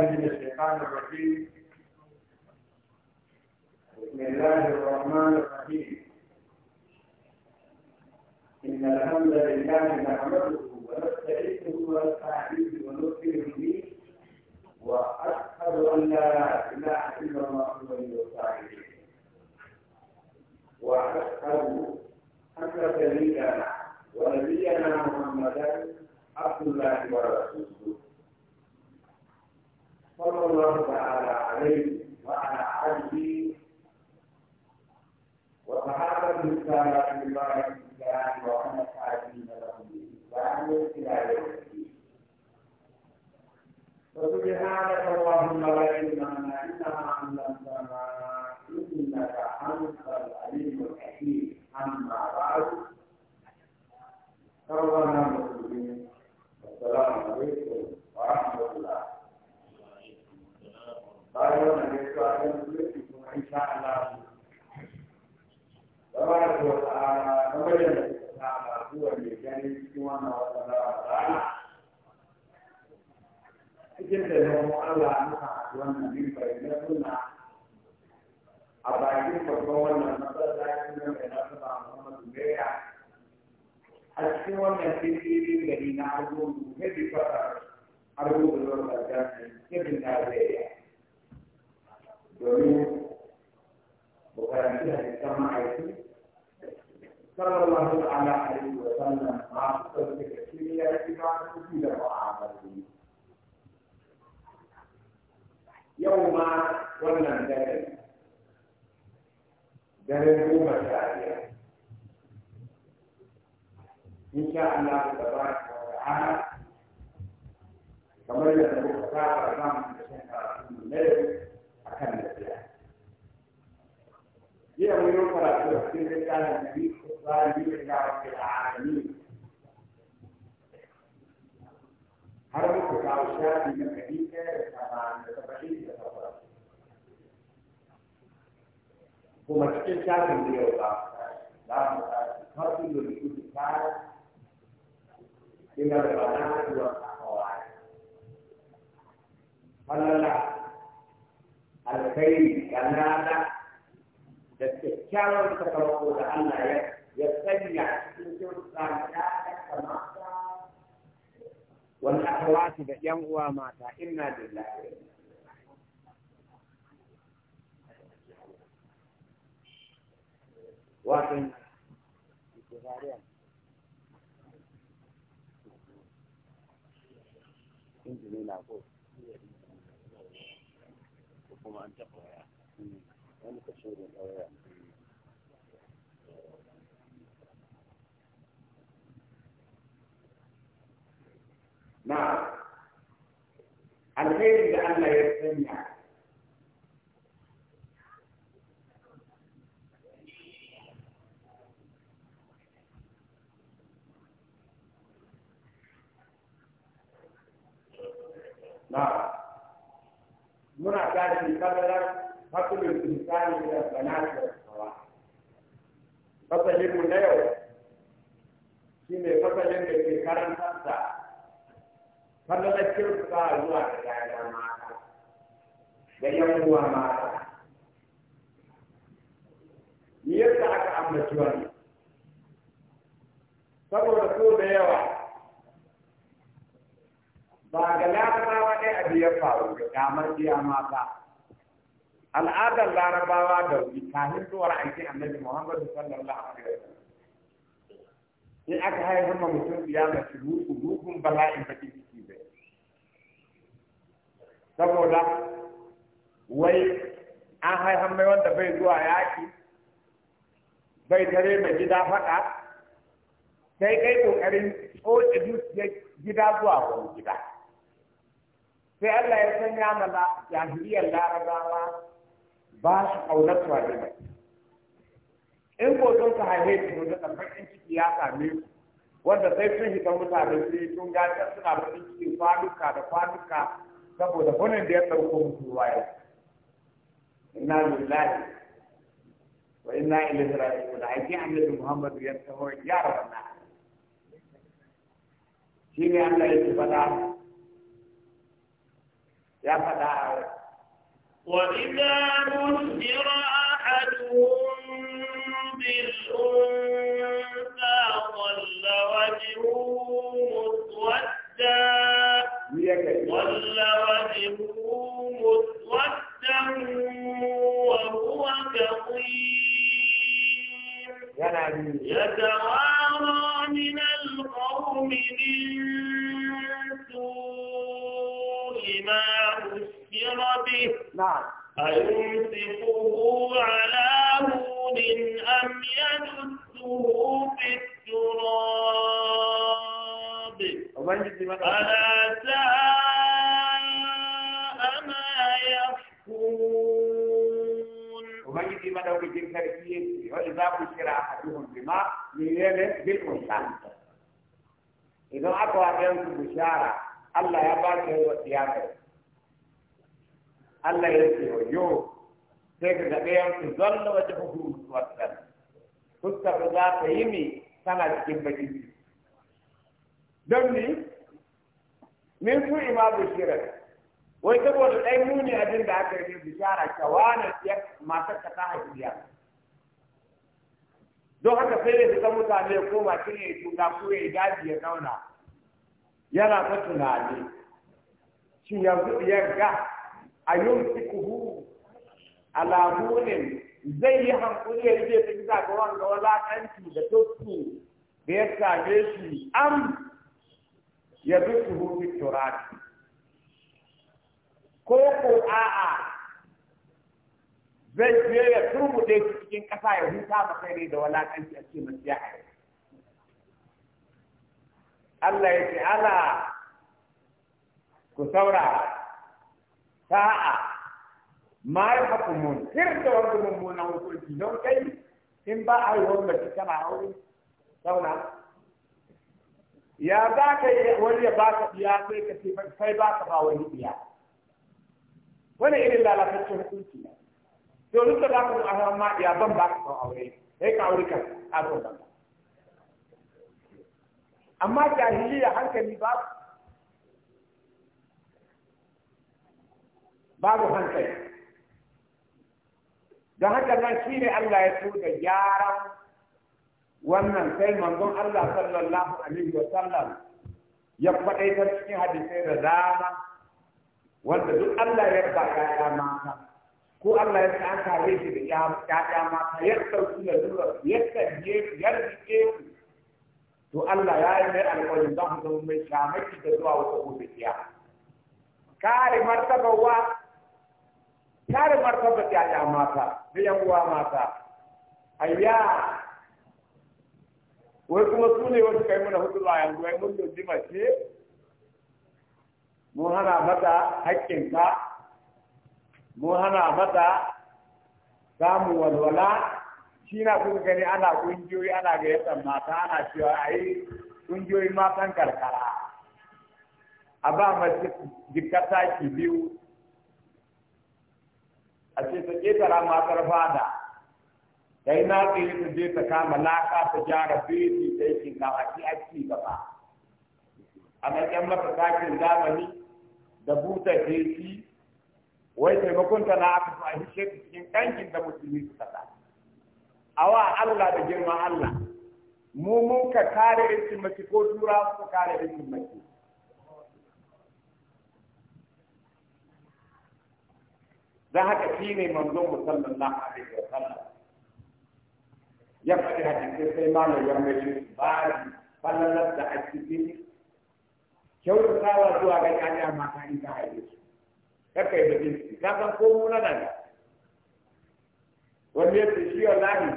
الشيطان الرجيم بسم الله الرحمن الرحيم إن الحمد لله نحمده ونستعينه ونستعينه ونؤمن به وأشهد أن لا إله إلا الله وحده لا وأشهد أن سيدنا ونبينا محمدا عبد الله ورسوله صلى الله تعالى عليه وعلى وصحابه وصحابته في الله الإسلام وأن التابعين لهم بالإسلام إلى يوم الدين وسبحانك اللهم لا علم لنا إلا ما علمتنا إنك أنت العليم الحكيم أما بعد فالله المسلمين نعم. السلام عليكم bayan wannan gaisuwa don musulunci kuma insha Allah zama da kuwa ta'ala na wajen da suka sa a zuwa mai gani cikin wannan wata na rana cikin da yawon Allah muka haɗu wannan mimbar na suna a bakin babban wannan masallaci na mai nasaba Muhammadu Beya a cikin wannan filin gari na argungu na bifata argungu na wata jami'in cikin da zai domin bukaranci da cikin ma'aiki sallallahu ta'ala alaihi wa sallam masu ɗauke da shirya kima su da mu'amaloli yau ma wannan dare dare goma sha biyar insha Allah ta ba ta ta'ala kamar yadda muka saba zamu da shan karatu ne هي من يقرأ في تفسير كان النبي خطبان به رب العالمين حرمت كعوشات من الحديثة طبعا تبعيد يتصل ومشكل شاكل دي وضع لا تقتل لكل كان إلى البنات والأخوات قال لا الخير كان لا da kyakkyawan sakamako da Allah ya ya sanya cikin kyautuka da mata wani akhawati da yan uwa mata inna lillahi wato na ko kuma an taɓa waya hmm. نعم الغير لأن يستمع نعم منع ذلك من hakunan tsari da banatar hawa. Fasalinmu na yau shi fasalin da ke karantarsa fallalakin sa zuwa ga yaya mata da yankuwa mata. Yadda aka ambaci wani, saboda so da yawa ba ga lafiya ba ɗaya abu ya faru da damar biya ma ba. al'adar larabawa da kafin zuwar aikin annabi muhammadu sallallahu alaihi wasallam in aka haifar ma mutum ya mace ruku rukun bala'in bakin ciki bai saboda wai an haifar mai wanda bai zuwa yaki bai tare mai gida faɗa sai kai ƙoƙarin tsoce dukiyar gida zuwa wani gida sai Allah ya sanya mana jahiliyar larabawa ba shi ƙaunar turare ba in ko sun ka haihe su da bakin ciki ya same su wanda sai sun hita mutane su yi tun gata suna bakin cikin kwanuka da kwanuka saboda hunan da ya ɗauko musu ruwa yau inna lillahi wa inna ilaihi raji'un da ake annabi muhammadu ya taho ya rawana shine Allah yake faɗa ya faɗa وإذا بشر أحدهم بالأنثى ظل وجهه مسودا ظل وجهه مسودا وهو كظيم يتوارى من القوم من سوء ما به نعم أيمسكه على هون أم يدسه في التراب ألا ساء ما يحكمون ومجد ما لو بجيب تركيه وإذا بشر أحدهم بما ليلة بالأنثى إذا أقوى بشارة الله يبارك ويعطيه Allah ya ce yo sai ka ga ɗayan su zalla wata hukuru wata fuskar za ta yi mi tana cikin bakin ciki don ni min su ima bishirar wai saboda ɗai muni abin da aka yi bishara kawana matar ka ta haifiya don haka sai da zama mutane ko masu ne ya tuka ko ya daji ya zauna yana ta tunani shi yanzu ya ga a yumsikuhu ala hunin zai yi hankuri ya rike ta bisa ga wanga walakanci da tosku da ya same shi am ya bisuhu fi turati ko ko a'a zai je ya turbuɗe shi cikin ƙasa ya huta ba kai ne da walakanci a ce masiya Allah ya ce ala ku saura sa'a ma ya haku mun sir da wanda mummunan hukunci don kai in ba a yi wani mace tana aure sauna ya za ka yi wani ya ba ka biya sai ka ce sai ba ka ba wani biya wani irin lalatacciyar hukunci ne to duk da za ka zo a hawan ma ya ban ba ka son aure sai ka aure ka a ban amma jahiliya hankali ba babu hankali don haka nan shi ne Allah ya so da gyaran wannan sai manzon Allah sallallahu alaihi wa sallam ya faɗaitar cikin hadisai da dama wanda duk Allah ya ba ya mata ko Allah ya sa aka kare da ya ya mata ya sauki da lura ya tsaye ya rike to Allah ya yi mai alƙawarin za mu zama mai shamaki da zuwa wata gobe kare wa? martaba martabar yaya mata da yan uwa mata ayya wai kuma su ne wasu kai mana hudu a yanzu wai mun doji mace mun hana mata haƙƙinka mun hana mata samu walwala shi na kuka gani ana ƙungiyoyi ana gayyatar mata ana cewa a yi ƙungiyoyin matan karkara a ba mace jikata ki biyu a ce ta ƙetara matar fada ta yi na tsaye ta je ta kama laka ta gyara feti ta yi shinkafa ake aski gaba a matsayin mata takin zamani da buta feti wai taimakon ta na aka fa shi shekku cikin kankin da musulmi su A awa Allah da girma Allah mu mun ka kare ɗin mace ko tura su kare ɗin mace dan haka shi ne manzon musamman na alaihi sallam ya faɗi hadisai sai malam ya mai ba fallalar da a cikin kyautatawa zuwa ga ƴaƴa mata in ta haife su da yi ka san ko mu na da wanda ya ce shi wallahi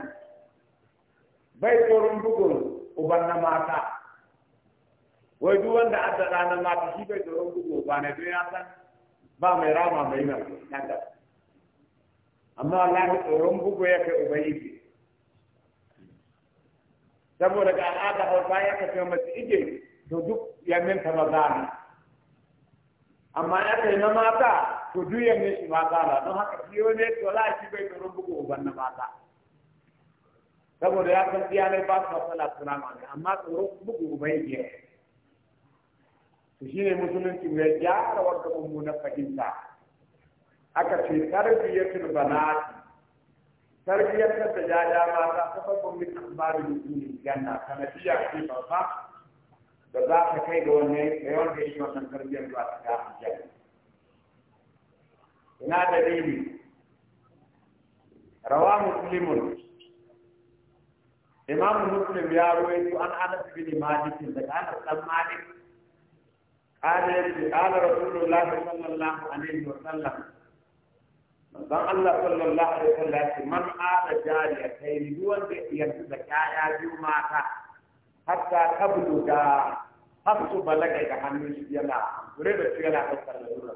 bai tsoron bugun uban na mata wai duk wanda adda na mata shi bai tsoron bugun Ba ne don ya san ba mai rama mai nan nan amma ya tsoron bugu ya kai ubangiji saboda ga al'ada hausa ya kafe masu ije to duk yamin ta maza ne amma ya kai na mata to duk yamin shi mata na don haka shi wani to la shi bai tsoron bugu uban na mata saboda ya san iyalai ba su matsala suna mani amma tsoron bugu ubangiji ya Shi ne musulunci mai gyara wata mummunan fahimta aka ce tarbiyatul banati tarbiyatar da yaya mata sababin min akhbari mutumin janna sanadiya ce babba da za ta kai ga da yawan da yake wannan tarbiyar ba ta ga ina dalili rawa muslimun imam muslim ya ruwaito an anas bin malik daga anas dan malik قال رسول الله صلى الله عليه وسلم manzon Allah sallallahu alaihi wasallam ya ce man ada jariya kai ni wanda yanzu da kaya biyu mata hatta tablu da har su balaga ga hannun shi yana gure da shi yana ɗaukar lalura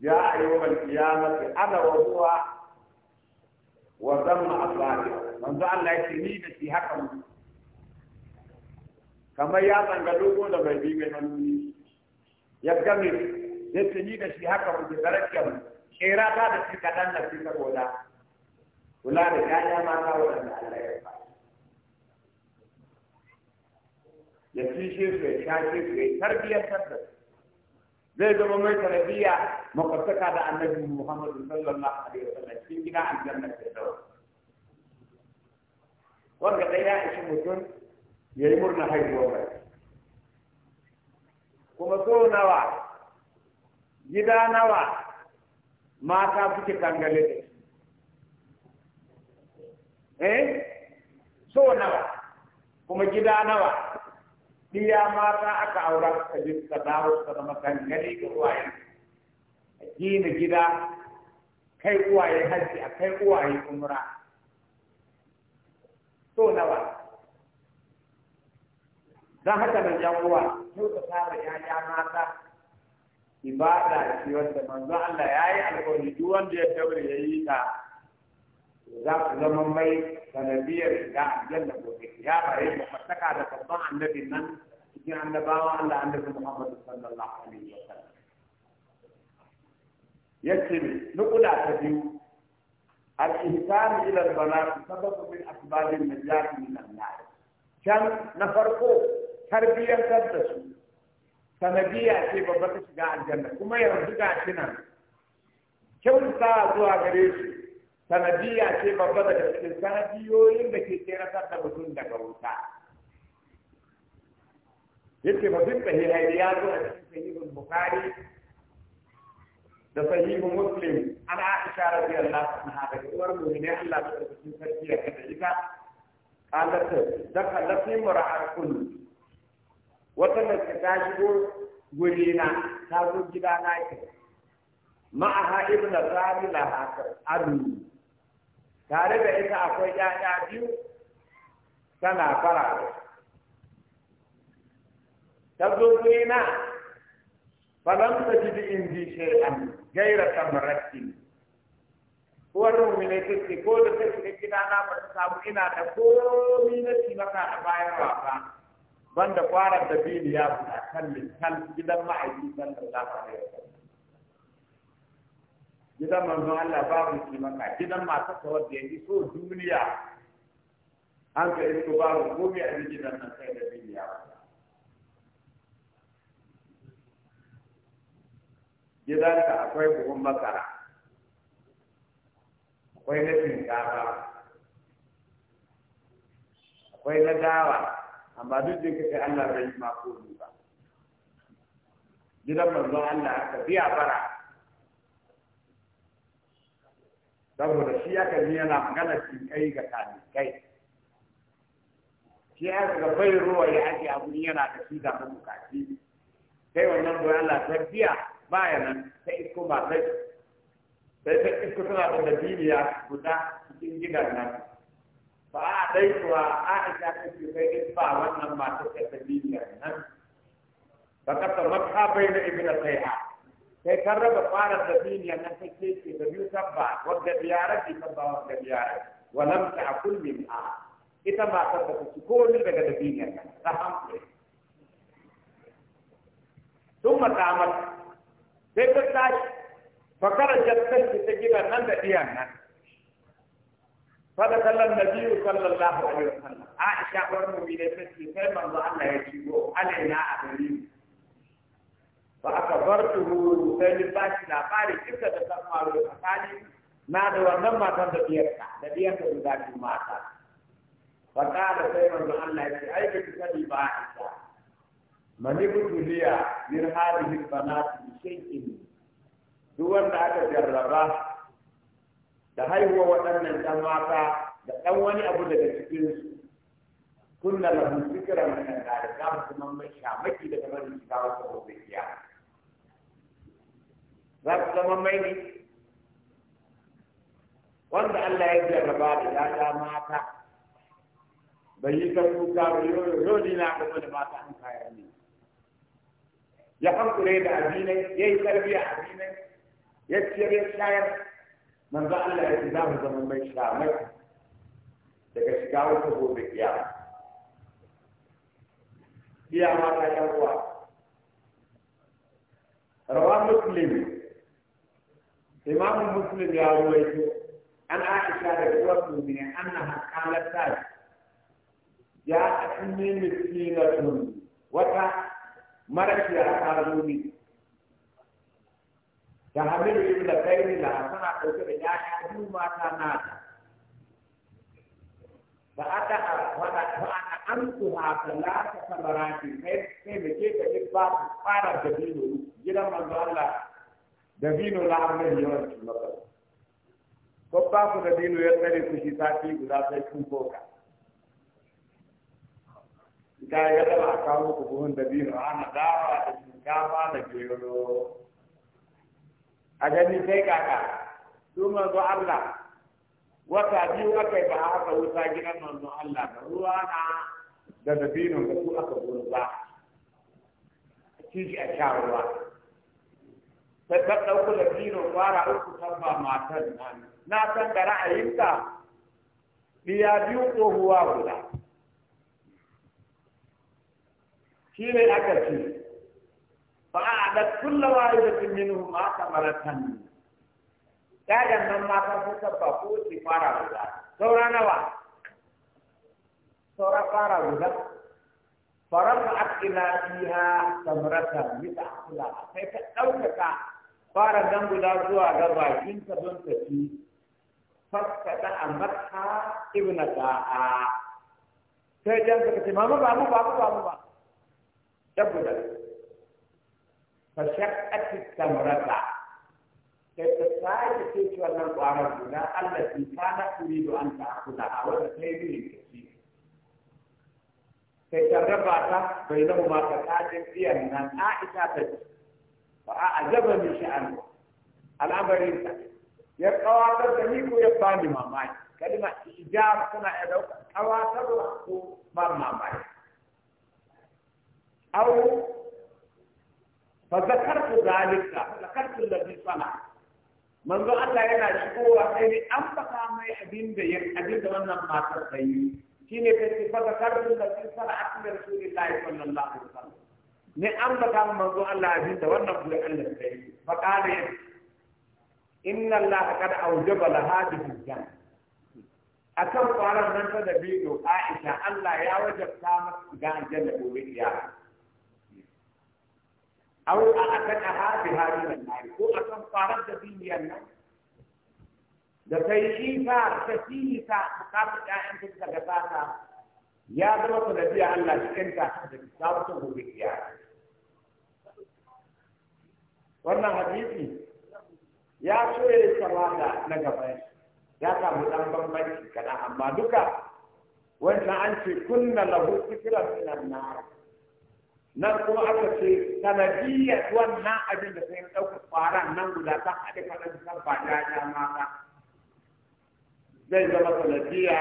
ya ayyuhal qiyamati ana wa huwa wa zamma asabi manzo Allah ya ce ni da shi haka mu kamar ya tsanga duk wanda bai bi mai hannu ya gami ya ce ni da shi haka mu da darajar mu shera ta da shi kaɗan da shi saboda kula da ƴaƴa mata waɗanda Allah ya ba ya cishe su ya shashe su ya tarbiyyar da zai zama mai tarbiyya makwabtaka da annabi Muhammadu sallallahu alaihi wasallam cikin gida aljanna ta dawo wanda ɗaya ya ishi mutum ya yi murna haihuwar kuma so nawa gida nawa mata suke kangale da shi eh so nawa kuma gida nawa diya mata aka aura ka ji ka dawo ka zama kangale ga uwaye a gina gida kai uwaye hajji a kai uwaye umra so nawa don haka nan yan uwa kyautata fara 'ya'ya mata ibada ce wanda manzo Allah yayi yi alƙawari duk wanda ya daure yayi ta za ku zama mai sanadiyar shiga aljanna gobe ya bare mu fataka da babban annabin nan cikin annabawa Allah annabi Muhammad sallallahu alaihi wa sallam yace nukuda ta biyu al-ihsan ila al-balagh sababu min asbab an-najat min an-nar kan na farko tarbiyyar da su sanadiyya ce babba ta shiga aljanna kuma yanzu ga shi nan kyauta zuwa gare shi sanadiyya ce babba daga cikin sanadiyoyin da ke tseratar da mutum daga wuta yake ba bin sahihai ya zo a cikin sahihul bukhari da sahihu muslim an aisha radiyallahu anha daga uwar mu'mini Allah ta rubuta sarki ya kada ita qalat dakalat imra'atun wata mace ta shigo gurina ta zo gida na ke ma'aha ibn sami laha arni tare da ita akwai ƴaƴa biyu tana fara ta zo gurina falam tajid indi shay'an gaira tamratin uwar ta take ko da take gida na ba ta samu ina da komi na ci maka a bayarwa ba banda kwara da bini ya a kan mintan gidan ma'aiki sallallahu alaihi wasallam gidan manzon Allah babu shi maka gidan masu kawar da yi so duniya an ka isko babu komai a gidan nan kai da bini ya ka akwai buhun makara, akwai na shinkafa akwai na dawa amma duk da kace Allah bai ma ko ba gidan manzon Allah aka biya bara saboda shi aka ji yana magana shi kai ga kani kai shi aka ga bai ruwa ya ake abu yana da shi da kaci sai wannan boye Allah ta biya baya nan ta isko ba sai sai ta isko tana da dabiniya guda cikin gidan nan ba a a isa ta ce kai in ba wannan matar ta daliliyar nan ba ka samar ta bai na ibina sai ha sai kan raba fara da duniya nan ta ce ce da biyu sabba wadda biyarar ce sabba wadda biyarar walam ta akul min a ita matar da ta ko komai daga da duniyar nan ta hankali sun matamar sai ta tashi fakarar jattar ta gina nan da iyan nan fada kallon da biyu kallon lafi a yau sannan a isha wani mummi ne ta ce sai manzo Allah ya ciro ana yana a gari ba aka bar su huru sai ni ba shi labari da san maro a tsani na da wannan matan da biyarka da biyarka da zafi mata ba ta da sai manzo Allah ya ce ai ka kisa ni ba isha mani kutu liya min hali hisbanati shekini duk wanda aka jarraba da haihuwa waɗannan ɗan mata da ɗan wani abu daga cikinsu kunna lahu zikra min an-nar kam kuma mai shamaki daga mai shiga wata gobiya za ku zama mai ne wanda Allah ya jarraba da ya mata bai yi ta kuka ba yau na kuma da mata an kaya ne ya hankure da abinai ya yi tarbiyya abinai ya ciyar ya shayar manzo Allah ya ce za mu zama mai shamai daga shiga wata gobe kiyama kiyama ta yan uwa rawa muslim imam muslim ya ruwaito an aisha da uwar mu'minin annaha qalat ta ya anni miskinatun wata marashi ya ta zo ni da hamilu ibn kairi la tana ɗauke da yaya biyu mata nata da aka fa ana amsuha talata samarati kai kai me ke kaje ba fara da dino gidan manzo Allah da dino la amma yawan ki maka ko ba ku da dino ya tsare ku shi sati guda sai kun boka ga ya da aka kawo ku buhun da dino ana dawa da shinkafa da gero a gani sai kaka su manzo Allah wata biyu aka yi ba aka wuta gidan manzo Allah da ruwa na da dabino, da su aka gurza shi a sha ruwa ta ta ɗauko dabinin fara uku san ba matan nan na san da ra'ayinta biya biyu ko huwa guda shi ne aka ce فأعدت كل واحدة منهما ثمرة Gajan nan mata sun sabba ko su fara guda. Saura nawa? Saura fara guda. Faran akila fiha samrata bisa akila sai ta ɗaukaka fara dan guda zuwa ga bakinta don ta ci. Fassada a matha ibn da'a. Sai jan ka ce, Mama ba ba. فشقت التمرة تتساعد تيجي ولا قارب ولا التي كانت تريد أن تأخذها وتتبين كثير تجربها بينهما تتاجم فيها من عائشة تجربة فأعجبني شأنه الأمر إنسان ya kawatar da ni ko ya bani mamaki kalma ijab tana ya dauka kawatar ko ban mamaki au فذكرت ذلك ذكرت الذي صنع من ذو الله ينا شكوه سيني أنبقى ما يحبين بي da wannan ما تسيني شيني كنت فذكرت الذي صنع أكل رسول الله صلى الله عليه وسلم ne an baka manzo Allah abin da wannan gure Allah ta yi fa kare inna Allah kad awjaba la hadhihi jan akan kwaran nan ta da bido Aisha Allah ya wajabta masa ga jannatu gobe أو أعتقها بها من النار وأكم قارب دبين ينا يعني. دفيشيفا تسيسا مقابل أنت تغطاتا يا دلوك نبي الله شكنتا تسابته بكيا وانا حديثي يا شوية سوالا نغفين يا كم تنبم بك كنا أما دوكا وانا أنت كنا له فكرة من النار nan kuma aka ce sanadiyyar wannan abin da sai ɗauka fara nan guda ta haɗe faɗin san ba ya mata zai zama sanadiyya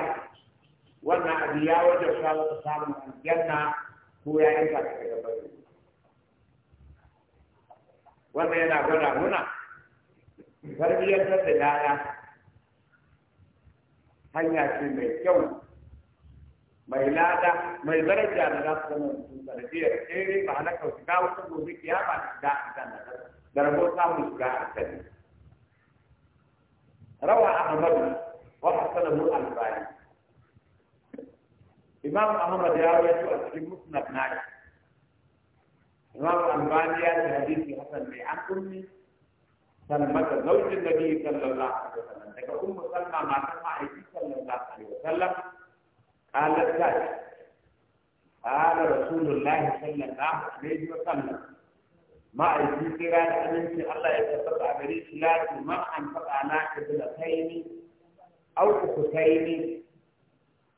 wannan abin ya wajen shawo samun aljanna ko ya yi ta daga bari wannan yana gwada muna tarbiyyar da yaya hanya ce mai kyau mai lada mai daraja da za su zama mutum sanadiyar tsere ba na kauci ga wata gobe ba da shiga a kan da rabo samun shiga a kan rawa ahmadu wa hasanahu al imam ahmad ya rawaito a cikin musnad naki imam al ya ce hadisi Hassan mai an kunni سلمة زوج biyu صلى الله عليه وسلم Daga مسلمة مع masu عليه صلى الله عليه وسلم قال الزاد قال رسول الله صلى الله عليه وسلم ما يجي أن الله يتبقى بريش لا ما أنفق على كبلتين أو كفتين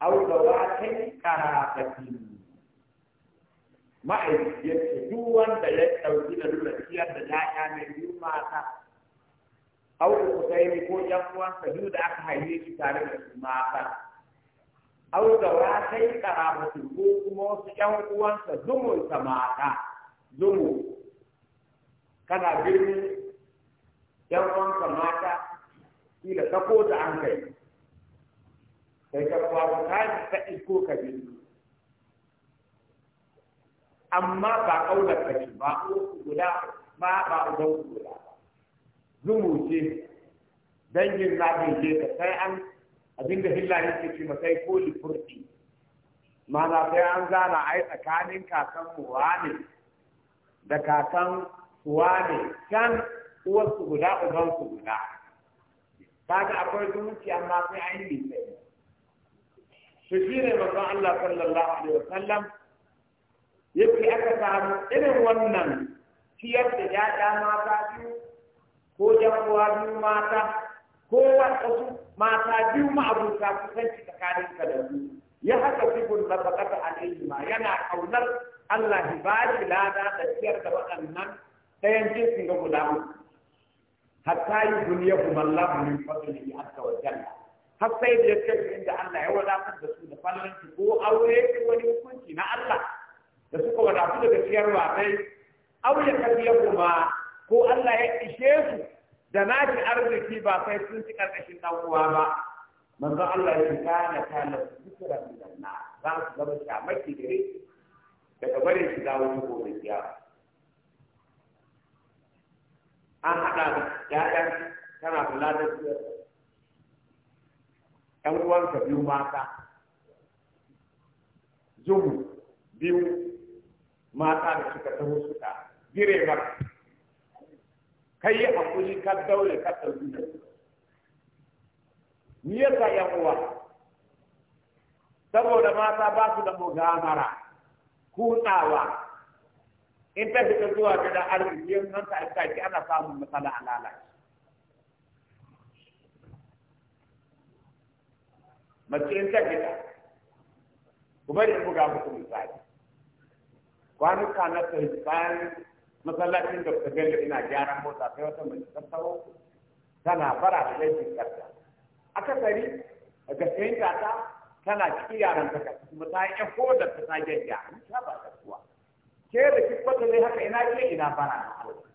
أو ذواتين كرافتين ما duk بلد ya ɗauki da nuna ciyar da أو mai biyu mata au ku sai ko ƴan uwansa au da wasai karabatu ko kuma wasu ƴan uwansa zumun mata zumu kana birni ƴan uwanka mata kila ta ko ta an kai sai ka faru ka ta iko ka bi amma ba ƙaunar ka ci ba ko guda ba ba uban guda zumu ce dangin na bai je ka sai an abinda da yake ce masai ko lifurti mana sai an zana ai tsakanin kakan ne da kakan ne can su guda uban su guda kaga akwai zumunci amma sai an yi sai shi ne Allah sallallahu alaihi wasallam yake aka samu irin wannan ciyar da ya mata biyu ko jan uwa biyu mata kowa wasu mata biyu ma'abuta kusanci tsakanin ka da su ya haka sibun kasa faɗaɗa alaihima yana kaunar Allah ya ba shi lada da ciyar da waɗannan ɗayan jinsin ga guda uku hatta yi duniya kuma Allah min fadlihi azza wa jalla har sai da ya kai inda Allah ya wadatar da su da fallan ko aure ko wani hukunci na Allah da suka wadatu daga ciyarwa dai aure kabiya kuma ko Allah ya ishe su da na ji arziki ba sai sun ci karkashin dan uwa ba manzo Allah ya ta na zikira da na za su zama shamaki gare daga bare shi da ta gobe kiyama an haɗa da ƴaƴan tana kula da su uwan uwanka biyu mata zuhu biyu mata da suka taho suka gire maka ka yi hakuri ka daure ka ɗauki da ni ya sa ‘yan uwa saboda mata ba su da mugamara kutsawa in ta fita zuwa gidan arziki yin nan ta aika ana samun matsala a lalace mace in ta fita ku da buga mutum misali kwanuka na tsari masallacin da ta gani ina gyaran mota sai wata mai tattaro, tana fara da laifin karta akasari a fahimta ta tana ciki yaran ta kuma ta yi ko da ta ta gyagya ta ba ta kuwa ke da kwata ne haka ina ke ina fara na aure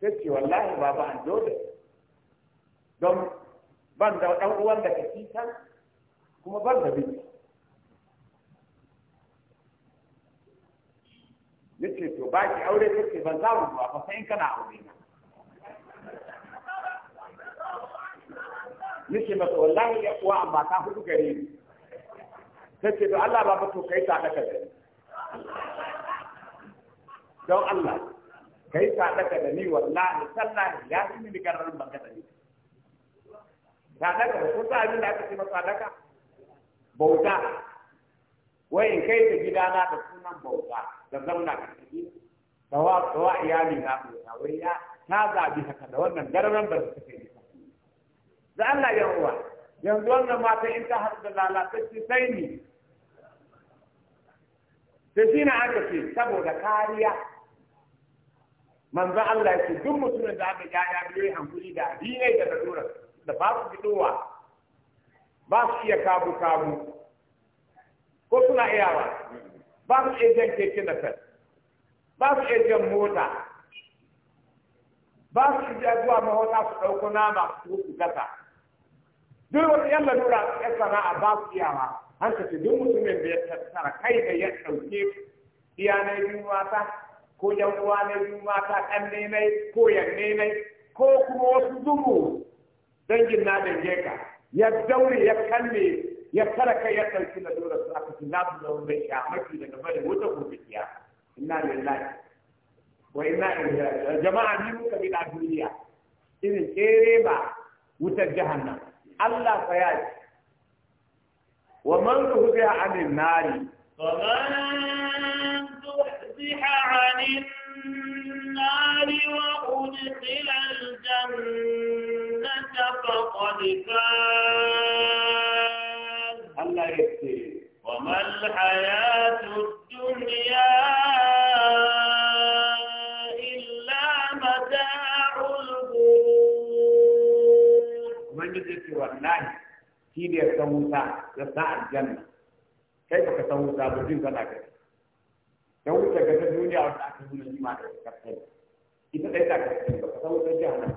sai ce wallahi baba an da don ban da ɗan uwan da ka ci kuma ban da biki ce to ba ki aure kace ban za mu ba fa sai kana aure na nace mata wallahi ya kuwa amma ta hudu gare ni tace to Allah ba to kai ta daka da ni. don Allah kai ta daka da ni wallahi sallahi ya fi ni karar ban kada ni ta daka ko ta abin da aka ce masa daka bauta wai in kai da gidana da sunan bauta da zauna ka tafi da wa da wa iyali na bauta wai ya ta zabi haka da wannan garban ba su kai ba da Allah ya ruwa yanzu wannan mata in ta hadu da lalatacci sai ni da shi na aka ce saboda kariya manzo Allah ya ce duk mutumin da aka ga ya biye hankuri da addinai da lalura da ba su fitowa ba su iya kabu kabu ko suna iyawa ba su iya jan keke na fes ba su iya jan mota ba su iya zuwa mahota su ɗauko nama su su gasa duk wani yan lalura ya sana'a ba su iyawa hankali duk mutumin da ya tattara kai da ya ɗauke iya na yi mata ko yan uwa na yi mata ɗan nenai ko yan nemai ko kuma wasu zumu dangin na dangeka ya daure ya kalle ya fara kai ya ɗauki na dora su aka ci za su zama mai shamaki daga bada wuta gobe kiya inna lillahi wa inna ilaihi jama'a ni muka bi da duniya irin tsere ba wutar jahannam Allah fa ya ce wa man ruhiya anin nari wa man tuhziha anin النار وأدخل الجنة فقد فاز Allah ya ce wa mal hayatu dunya illa mata'ul ghurur ubangiji ya ce wallahi shi da ya san wuta ya san aljanna kai baka san wuta ba jin kana gari. dan wuta ga ta duniya wata aka nuna shi ma da kafin ita dai ta kafin baka san wuta jahannam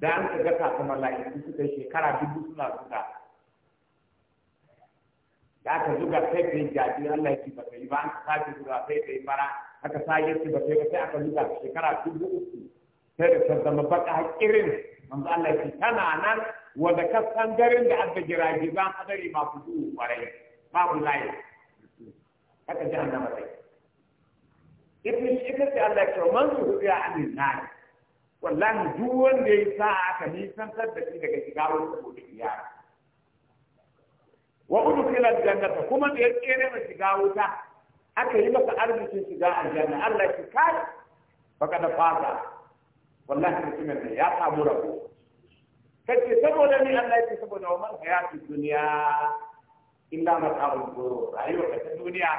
da an ka ga ta kuma la'i su suka shekara dubu suna suka da ka zuga kai kai jaji Allah ya ci ba kai ba an sake zuga kai kai fara aka sake ci ba kai ba sai aka zuga shekara dubu uku sai da ta mabaka hakirin manzo Allah ya ci tana nan wanda ka san garin da abba jirage ba hadari ma ku duhu kwarai ku layi Aka ji annaba sai ibn ita sai Allah ya ce man su ya amin nan wallahi duk wanda ya sa aka nisan da shi daga shiga wani saboda iyara wa udkhila aljannata kuma da yake ne mai shiga wuta aka yi masa arzikin shiga aljanna Allah ki kai baka da fata wallahi mutumin ne ya samu rabo kace saboda ni Allah ya saboda wa man hayatu dunya illa mata'ul ghurur rayuwa ta duniya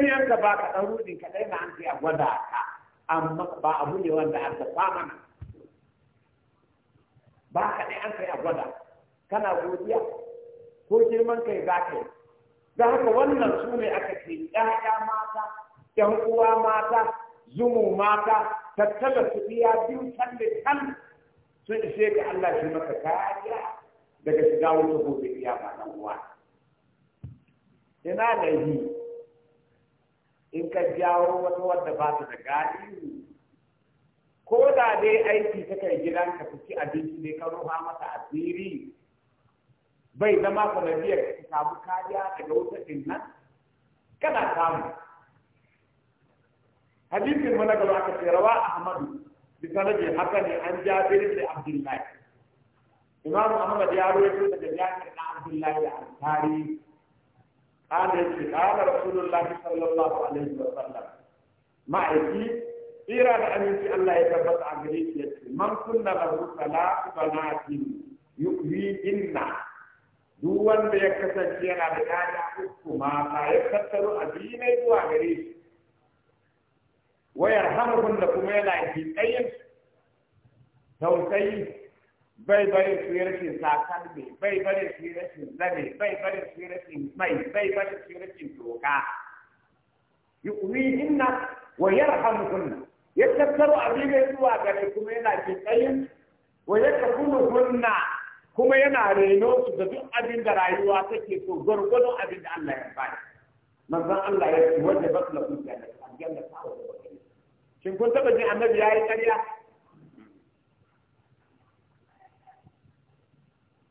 ni an ka baka dan rudin ka dai na an kai gwada ka amma ba abu ne wanda aka fama ba ka dai an kai gwada kana godiya ko girman kai za ka yi Da haka wannan su ne aka ce ‘ya'ya mata ‘yan uwa mata zumu mata tattala su iya biyu can da can sun ishe ka Allah shi maka kariya daga shiga wata gobe iya ba ɗan uwa ina da yi in ka jawo wata wadda ba ta da galihu ko da dai aiki ta kai gidanka ka ci abinci ne ka ruha mata asiri bai zama sanadiyar ka samu kariya daga wutar din nan kana samu hadisin mana gaba aka ce rawa ahmadu bi sanadin haka ne an jabir da abdullahi imam ahmad ya rawaito daga jabir da abdullahi da ansari قال قال رسول الله صلى الله عليه وسلم ما يجي إيراد أن الله يتبت عن من كنا له ثلاث بنات يؤذيهن duk wanda ya kasance yana da yaya uku mata ya tattaro addinai zuwa gare shi wayar harafin da kuma yana tsayin tausayi bai bare su yi rashin takalmi bai bare su yi rashin zane bai bare su yi rashin mai bai bare su yi rashin toka yu'mihinna wa yarhamuhunna ya tattaro addinai zuwa gare kuma yana wayar wa da kuma yana reno su da duk abin da rayuwa take so gwargwadon abin da Allah ya bani manzon Allah ya ce wanda ba su la kun jannat aljanna ta wa shin kun taba ji annabi yayi ƙarya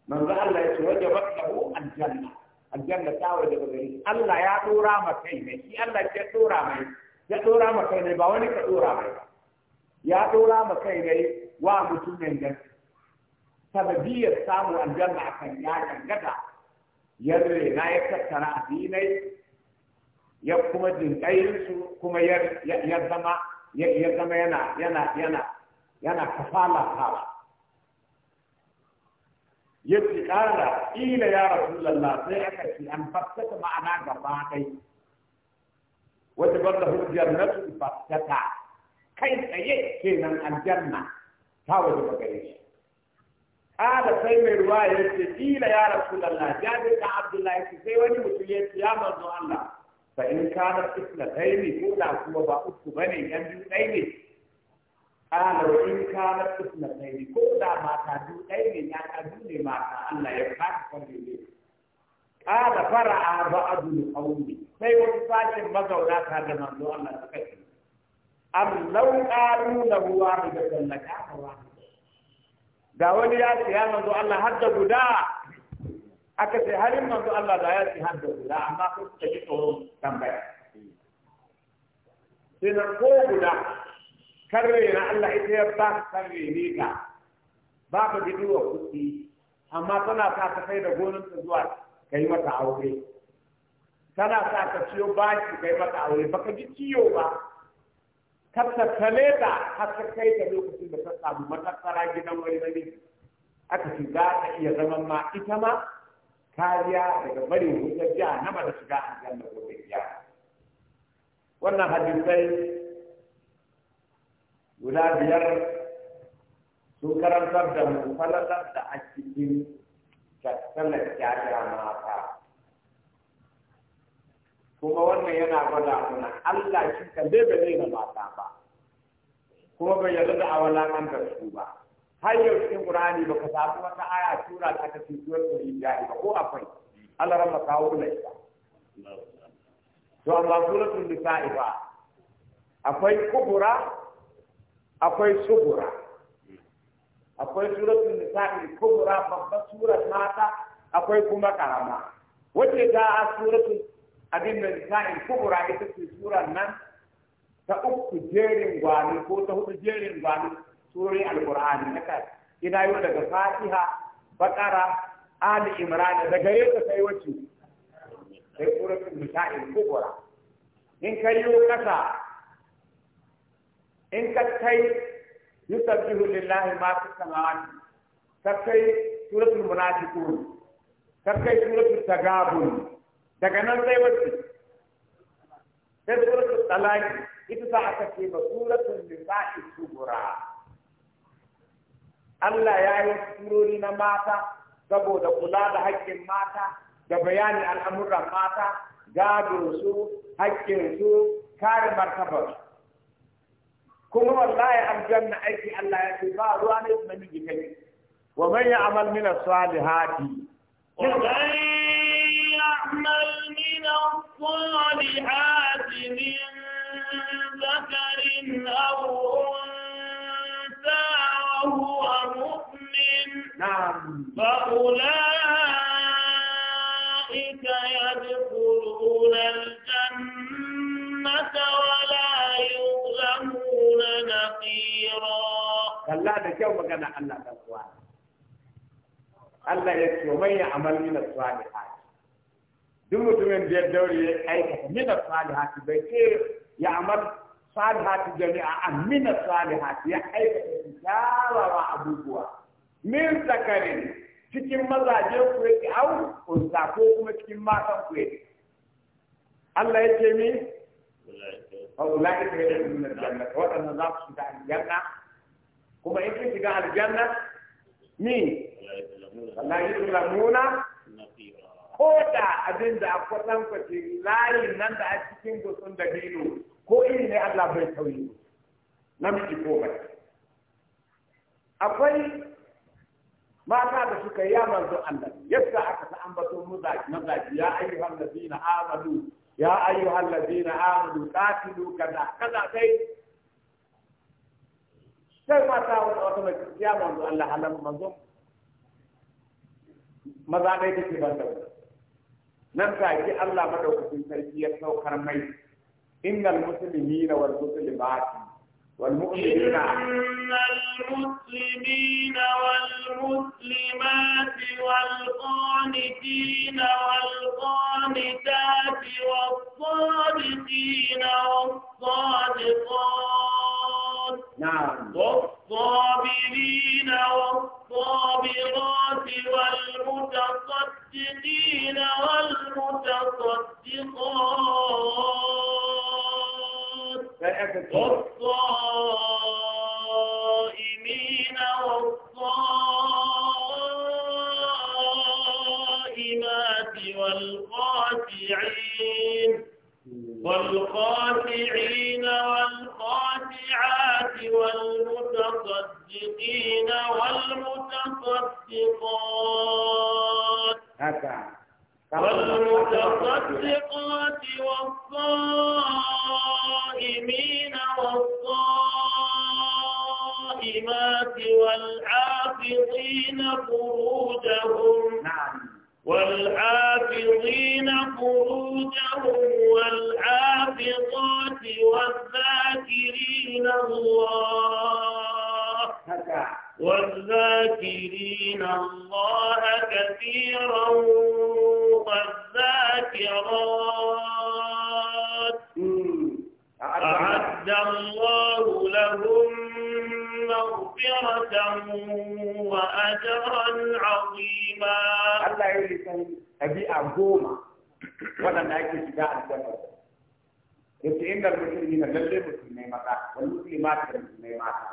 manzon Allah ya ce wanda ba su lahu aljanna aljanna ta wa da gari Allah ya dora maka ne shi Allah ya dora mai ya dora maka ne ba wani ka dora mai ya dora maka ne wa mutumin ne sababiyar samun aljanna a kan ya gangata ya rena ya tattara addinai ya kuma jinƙayinsu kuma ya zama ya zama yana yana yana yana kafala kawa ya ce ƙara ila ya rasulallah sai aka ce an fassata ma'ana gaba ɗai wajen bar da hujjar nasu fassata kai tsaye kenan aljanna ta wajen gare shi قال سيد من رواية قيل يا رسول الله جابر بن عبد الله يسي وني مسلم يا منزو الله فإن كانت اثنتين كولا هو بأس بني ينجو قال وإن كانت اثنتين كولا ما تجو دين يا تجو ما الله يبقى فني قال فرع بعض القوم سيد من رواية مزولا كان منزو الله سكت أم لو قالوا له واحدة لكان واحدة da wani ya ce ya manzo Allah har da guda aka ce harin manzo Allah da ya ce har da guda amma ko ta ji tsoro tambaya sai na ko guda karre na Allah ita ya ba karre ne ka ba ka bidiwa kuɗi amma tana sa ka kai da gonar ta zuwa ka yi mata aure tana sa ka ciyo baki ka yi mata aure ba ka ji ciyo ba tattattale ta har ka kai ta lokacin da ta samu matattara gidan wani namiji aka ce za ta iya zaman ma ita ma kariya daga bari wutar jiya na da shiga aljanna ko biya wannan hadisai guda biyar sun karantar da mu falalar da a cikin tattalar kyakkyar mata kuma wannan yana gwada mana Allah shi ka ba zai na mata ba kuma bai yarda da awalakan da su ba har yau cikin Qur'ani ka samu wata aya tura ta ta cikin suwar yi ba ko akwai Allah ran kawo kula ita to amma suratul nisa'i ba akwai kubura akwai subura akwai suratul nisa'i kubura babbar surar mata akwai kuma karama wacce ta suratul abin da sa'in kubura ita ce surar nan ta uku jerin gwani ko ta hudu jerin gwani surori alkur'ani na kai ina yau daga fatiha bakara ali imran daga ta sai wacce. sai ta nisa'in kubura in kai yau kasa in ka kai yusabbihu lillahi ma fi samawati ka kai suratul munafiqun ka kai suratul tagabun daga nan sai wasu. sai suratul talaki ita za aka ce ba suratul nisa'i kubra Allah ya yi surori na mata saboda kula da haƙƙin mata da bayanin al'amuran mata gado su haƙƙin su kare martabar kuma wallahi aljanna aiki Allah ya ce ba ruwa ne na miji kai wa man ya'mal min as-salihati wa man ya'mal الصالحات من ذكر أو أنثى وهو مؤمن نعم فأولئك يدخلون الجنة ولا يظلمون نقيرا كلا ده كيو مكان الله تقوى الله يكفي ومن يعمل من الصالحات duk mutumin da ya daure ya aikata min salihati bai ke ya amal salihati a an min salihati ya aikata kyawawa abubuwa min zakarin cikin mazaje ku ya yake au unsa ko kuma cikin matan ku yake Allah ya ce min أولئك يدخلون الجنة وأنا لا أشهد عن الجنة كما يمكن تجاه الجنة مين؟ لا يظلمون ko da abin da a kwatan kwace layin nan da a cikin gutsun da dino ko iri ne Allah bai tauye namiji ko bai. akwai mata da suka yi ya manzo Allah yadda aka ta ambato mazaji mazaji ya ayyuhan ladina Amadu, ya ayyuhan ladina amanu qatilu kaza kaza sai sai mata wata wata mai ya manzo Allah halan manzo maza dai take ban da nan take Allah madaukakin sarki ya saukar mai innal muslimina wal muslimati والمؤمنين إن المسلمين والمسلمات والقانتين والقانتات والصادقين والصادقات نعم والصابرين والصابرات والمتصدقين والمتصدقات والصائمين والصائمات والقاسعين والقاسعين والخاشعين والمتصدقين والمتصدقات والمتصدقات والصائمين والصائمات والحافظين فروجهم نعم والحافظين قروجهم والحافظات والذاكرين الله والذاكرين الله كثيرا والذاكرات أعد الله لهم مغفرة وأجرا عظيما الله يريد أبي أبوما ولا نأتي شجاع الجنة يبقى إن المسلمين للي مسلمين مكا والمسلمات المسلمين مكا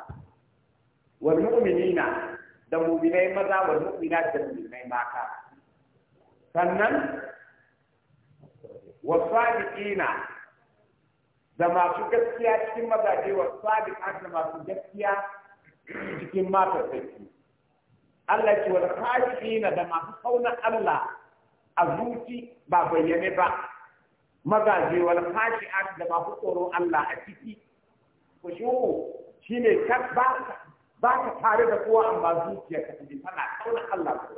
والمؤمنين da muminai maza wa mumina da muminai mata sannan wa sadiqina da masu gaskiya cikin mazaje wa sadiqat da masu gaskiya cikin mata sarki Allah ce wal khashina da masu kauna Allah a zuci ba bayyane ba magaje wal khashi'at da masu tsoron Allah a ciki Ko shi ne shine kar ba ba ka tare da kowa amma zuciya ka tafi tana kauna Allah ko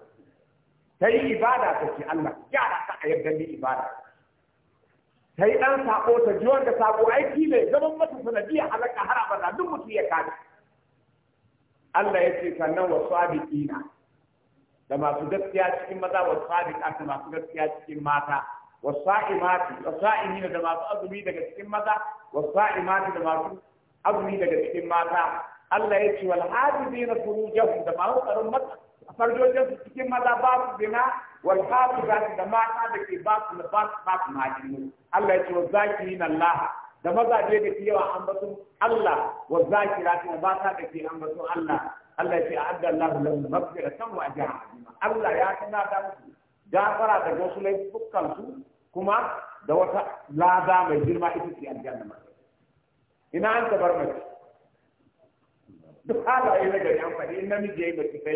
ta ibada ta ce Allah gyara ta a yadda ni ibada ta yi ɗan saƙo ta ji wanda saƙo aiki ne zaman mata sanadiyya halaka har abada duk mutum ya kada Allah ya ce sannan wa sabiqina da masu gaskiya cikin maza wasu sabiqa da masu gaskiya cikin mata wasu sa'imati wa da masu azumi daga cikin maza wa sa'imati da masu azumi daga cikin mata Allah ya ce wal hadidina furujahum da masu tsaron mata farjojin su cikin maza ba su zina wal hafizati da mata da ke ba su ba su ba su Allah ya ce wa na Laha. da mazaje da yawa ambaton Allah wa zakiratin ba ta da ke ambaton Allah Allah ya adda Allah lahum maghfiratan wa ajran Allah ya kana da musu gafara daga wasu dukkan su kuma da wata lada mai girma ita ce aljanna ina an tabar mace duk hala yi na gari fadi in namiji ya yi mace ta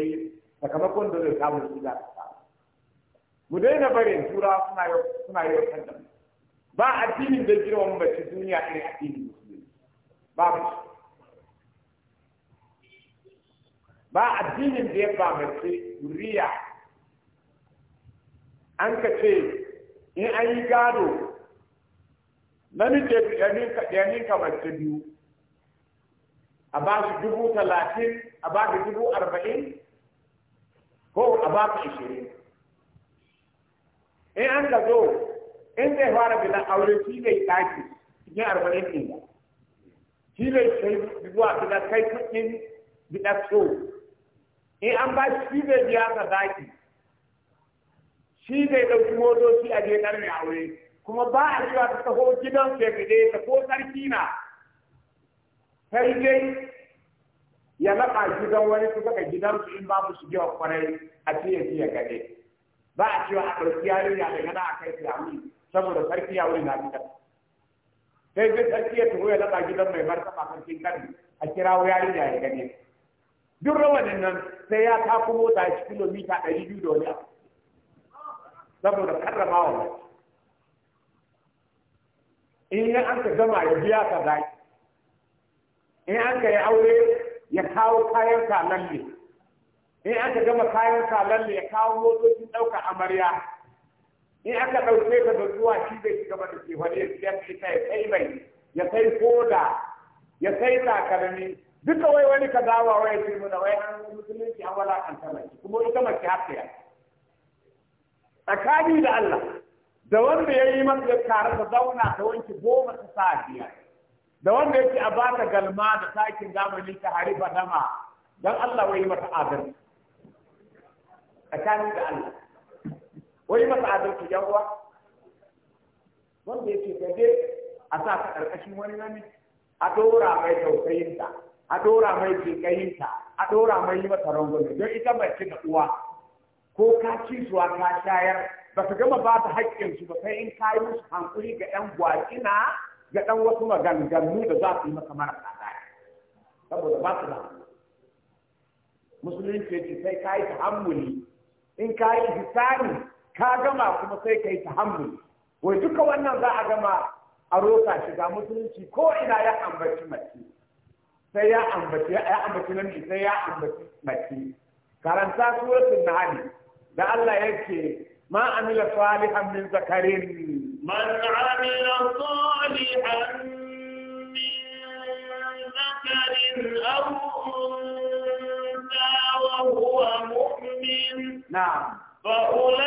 sakamakon da zai samu shi za ta mu daina barin tura suna yau suna yau kan da mu ba addinin da wani bacci duniya irin addinin musulmi babu ba addinin da ya ba mace riya an ka ce in an yi gado namiji ya ka mace biyu a ba su dubu talatin a ba su dubu arba'in ko a ba su ishirin in an ka zo in zai fara bidan aure shi zai ɗaki cikin arba'in ɗin ba shi zai kai zuwa bidan kai kuɗin bida so in an ba shi zai biya ka daki shi zai ɗauki motoci a je ƙarni aure kuma ba a cewa ta taho gidan fefide ta ko sarki na sai dai ya laɓa gidan wani su saka gidan su in babu su jiwa kwarai a ciye ciye gade ba a cewa a ɗauki yarinya daga na a kai su a saboda sarki ya wuri na fitar sai bai sarki ya tuhu ya naɗa gidan mai martaba sarkin kari a kira kirawo da ya gane duk rawanin nan sai ya tafi mota shi kilomita ɗari biyu da wani abu saboda karramawa mace in ya an ka gama ya biya ka zai in an ka yi aure ya kawo kayan kalalle, in an ka gama kayan kalalle ya kawo motocin ɗaukar amarya in aka ɗauke ta da zuwa shi zai ci gaba da ke wani ya kai ta ya kai mai ya kai koda ya kai takarami duka wai wani ka dawa wai ce muna wai an musulunci an walakanta mace kuma ita mace haka ya tsakani da Allah da wanda ya yi masa tare da zauna ta wanki goma ta sa biyar da wanda yake a ba ta galma da takin zamani ta harifa dama don Allah wai mata adalci tsakani da Allah wai masa adalci yan uwa wanda yake gaje a sa ka karkashin wani namiji a dora mai tausayinta a dora mai jinkayinta a dora mai yi mata rangwame don ita mai cika uwa ko ka ci suwa ka shayar ba su gama ba ta su ba sai in ka yi musu hankuri ga ɗan gwaƙina ga ɗan wasu maganganu da za su yi maka mara tsada saboda ba su da musulunci ce sai ka yi ta'ammuli in ka yi hisani ka gama kuma sai ka yi hambu. wai duka wannan za a gama a shi shiga musulunci ko ina ya ambaci mace sai ya ambaci ya ambaci namiji sai ya ambaci mace karanta suratul nahl da Allah yake ma amila salihan min zakarin man amila salihan min ذكر أو أنثى وهو مؤمن نعم فأولئك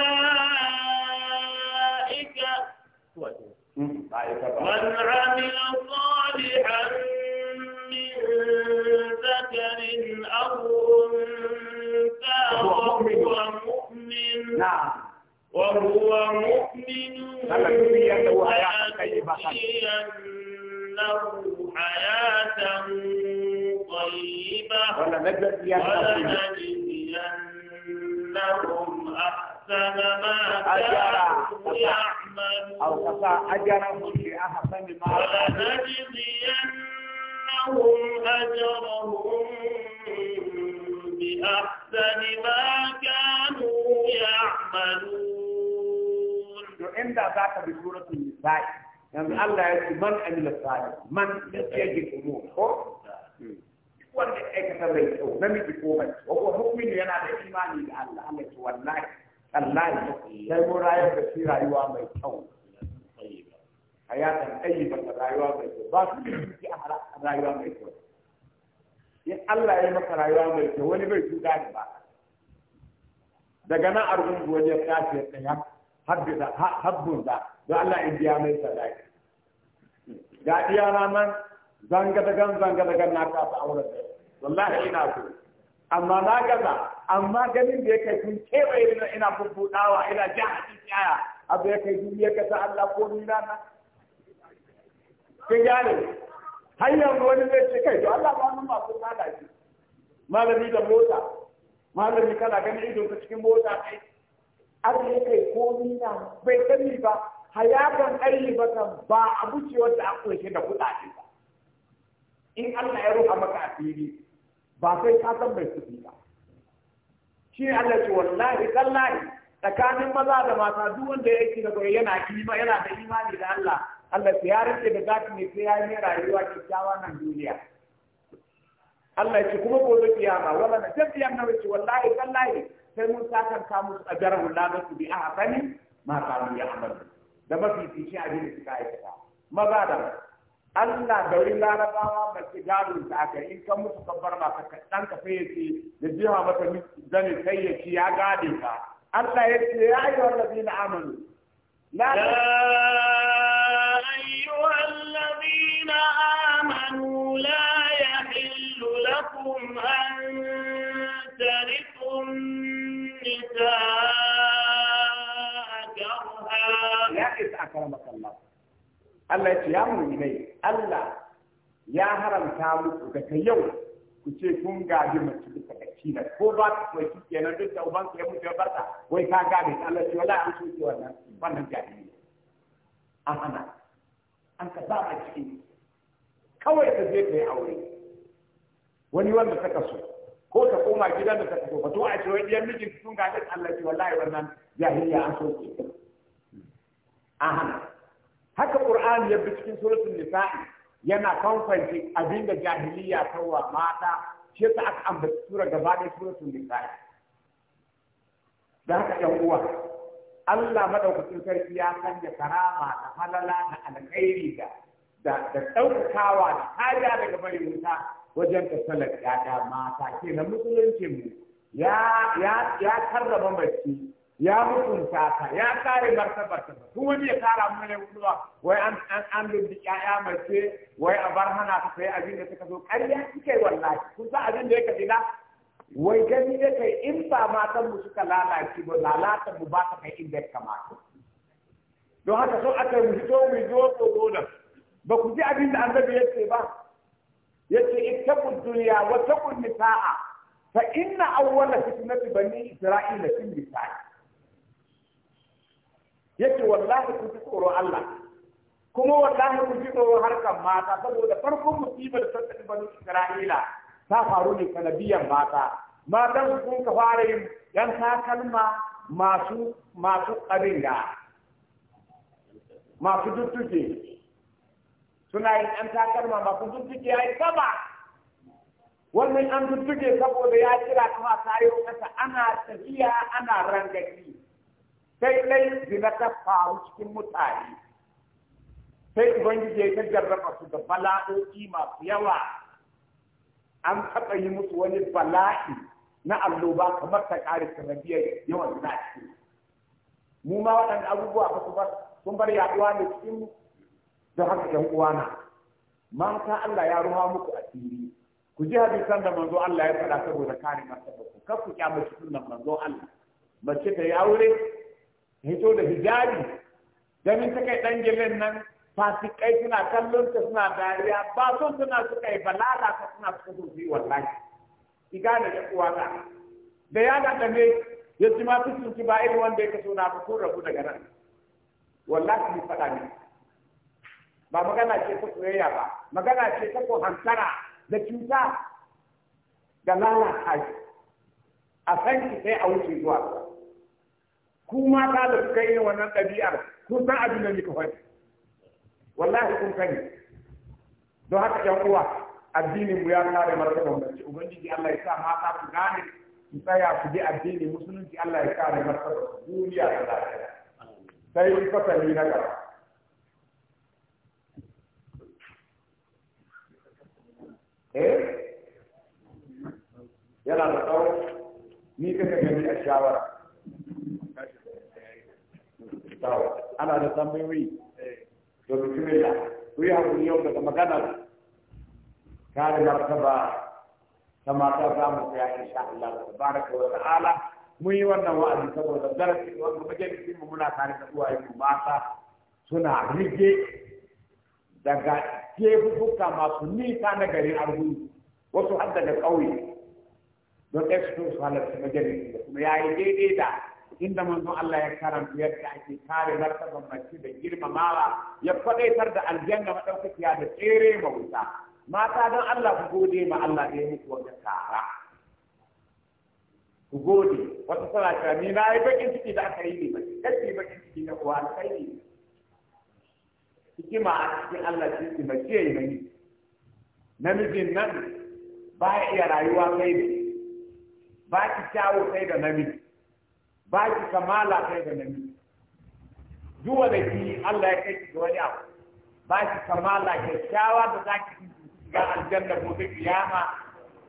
من عمل صالحا من ذكر أو أنثى وهو مؤمن نعم وهو مؤمن فلنحيينه حياة طيبة ولنجزينهم إنهم أحسن ما كانوا يعملون أو قطع أجرهم بأحسن ما ولنجزينهم أجرهم بأحسن ما كانوا يعملون عند ذاك بسورة النساء يعني الله يقول من أمل الصالح من يسجد الأمور wanda aikata mai kyau namiji ko mace wa ko mu'minu yana da imani da Allah Allah ce wallahi wallahi sai mun rayar da shi rayuwa mai kyau hayatan ayyukan rayuwa mai kyau ba su yi a rayuwa mai kyau in Allah ya maka rayuwa mai kyau wani bai tuka da ba daga nan argun wani ya tashi ya tsaya habbun da don Allah in biya mai sadaki ga iya ranar zanga da gan zanga da gan na kasa auren da wallahi ina so amma na gaza amma ganin da yake kun kewaye ina ina bubudawa ina ja a cikin abu ya kai duniya ka ta Allah ko ni na na. kin gane har yanzu wani zai ce kai to Allah ba mun ba kun tada shi malami da mota malami kana ganin idon ka cikin mota kai abu yake kai ko ni na bai sani ba hayakan ayyukan ba abu ce wanda a kunshe da kuɗaɗe ba in Allah ya ruha maka asiri ba sai ka san mai kuɗi ba shi Allah ya ce wallahi tsakanin maza da mata duk wanda yake da gore yana kima yana da imani da Allah Allah ya rike da zaki ne sai ya yi rayuwa kyakkyawa nan duniya Allah ya ce kuma gobe kiyama wala na tafiyan na wuce wallahi tallahi sai mun sakan ka musu ajarhu la su bi ahsani ma da mafi fice abin da suka aikata maza da Allah da wurin larabawa ba su gado ta aka in kan musu kabbar ma ka dan ka ce, da jiha mata zane sai ya ci ya gade ka Allah ya ce ya ayyuha allazina amanu la ayyuha allazina amanu la Allah ya ce ya Allah ya haramta muku daga yau ku ce kun gaji mace bisa ga tilas ko ba ku kuwa shi nan duk da uban ya mutu ya barka wai ka gaji Allah ce wala an soke wannan wannan jahiliya an hana an ka ba a ciki kawai ta je ta yi aure wani wanda ta kaso ko ta koma gidan da ta kaso ba to a ce wai diyan mijin sun gaji Allah ce wallahi wannan jahiliya an soke an hana haka ƙur'ani ya bi cikin suratul nisa'i yana kamfanci abinda jahiliya ta wa mata shi ta aka ambaci sura gaba ɗaya suratul nisa'i da haka yan uwa Allah madaukakin sarki ya sanya karama da halala da alkhairi da da ɗaukakawa da kariya daga bari wuta wajen salar ƴaƴa mata na musulunci mu ya ya karrama mace ya hukunta ta ya kare martabar ta ba kuma ne kara ne kuma wai an an an dubi yaya mace wai a bar hana ta sai abin da take so ƙarya kike wallahi kun sa abin da yake dina wai gani ne kai in ba matan mu suka lalace ba lalata mu ba ta kai inda ya kamata don haka so aka mu fito mu zo tsoro da ba ku ji abin da annabi ya ce ba ya ce ittaqu dunya wa taqu nisaa fa inna awwala fitnati bani isra'ila fil nisaa yake wallahi kun ji tsoro Allah kuma wallahi kun ji tsoro harkar mata saboda farkon musibar da ta banu Isra'ila ta faru ne sanadiyan mata matan sun ka fara yin yan takalma masu masu ƙaringa masu duttuke suna yin yan takalma masu duttuke ya yi sama wannan an duttuke saboda ya kira kuma kayo kasa ana tafiya ana rangaki sai lai zina ta faru cikin mutane sai ubangiji ya ta jarraba su da bala'o'i masu yawa an taɓa yi musu wani bala'i na alloba kamar ta ƙare sanadiyar yawan zina cikin mu ma waɗanda abubuwa ba sun bar yaɗuwa ne cikin da haka uwana mata Allah ya ruha muku asiri ku ji hadisan da manzo Allah ya faɗa saboda kare ku. kar ku kyamaci sunan manzo Allah mace ta yi aure hito da hijabi ganin ta kai dan gilen nan fasikai suna kallon ta suna dariya ba son suna suka yi balala ta suna suka so yi wallahi ki gane da uwa ka da ya ga da ne ya ji ma fitin ki ba irin wanda yake so na ku ko rabu daga nan wallahi ni fada ne ba magana ce ta soyayya ba magana ce ta ko hantara da cuta da lalata a san ki sai a wuce zuwa ku mata da suka yi wannan ɗabi'ar ku san abin da ka faɗi wallahi kun sani don haka yan uwa addinin mu ya kare martaban mace ubangiji Allah ya sa mata ku gane ku tsaya ku bi addini musulunci Allah ya kare martaba. duniya da lafiya sai fasali na gaba eh yana da tsawo ni kaka gani a shawara ana da samun wi da mutumin da ku yi hakuri yau daga magana kare martaba ta mata za mu tsaya insha Allah tabaraka wa ta'ala mun yi wannan wa'azi saboda darasi wanda majalisin mu muna tare da uwaye mu mata suna rige daga tefuka masu nisa na garin arhu wasu har daga ƙauye don ɗaya su halarci majalisi da kuma ya yi daidai da inda manzo Allah ya karanta yadda ake kare martaban mace da girmamawa ya faɗaitar da aljanna madaukakiya da tsere ma wuta mata don Allah ku gode ma Allah da ya muku wata tara ku gode wata sana ta ni na yi bakin ciki da aka yi ne ba kace bakin ciki na uwa kai ne hikima a cikin Allah ma ki mace yi mani namijin nan ba ya iya rayuwa kai ne ba ki kyawo kai da namiji ba ki kamala kai da nabi duk wanda ki Allah ya kai ki ga wani abu ba ki kamala kyakkyawa da za ki ga aljanna gobe kiyama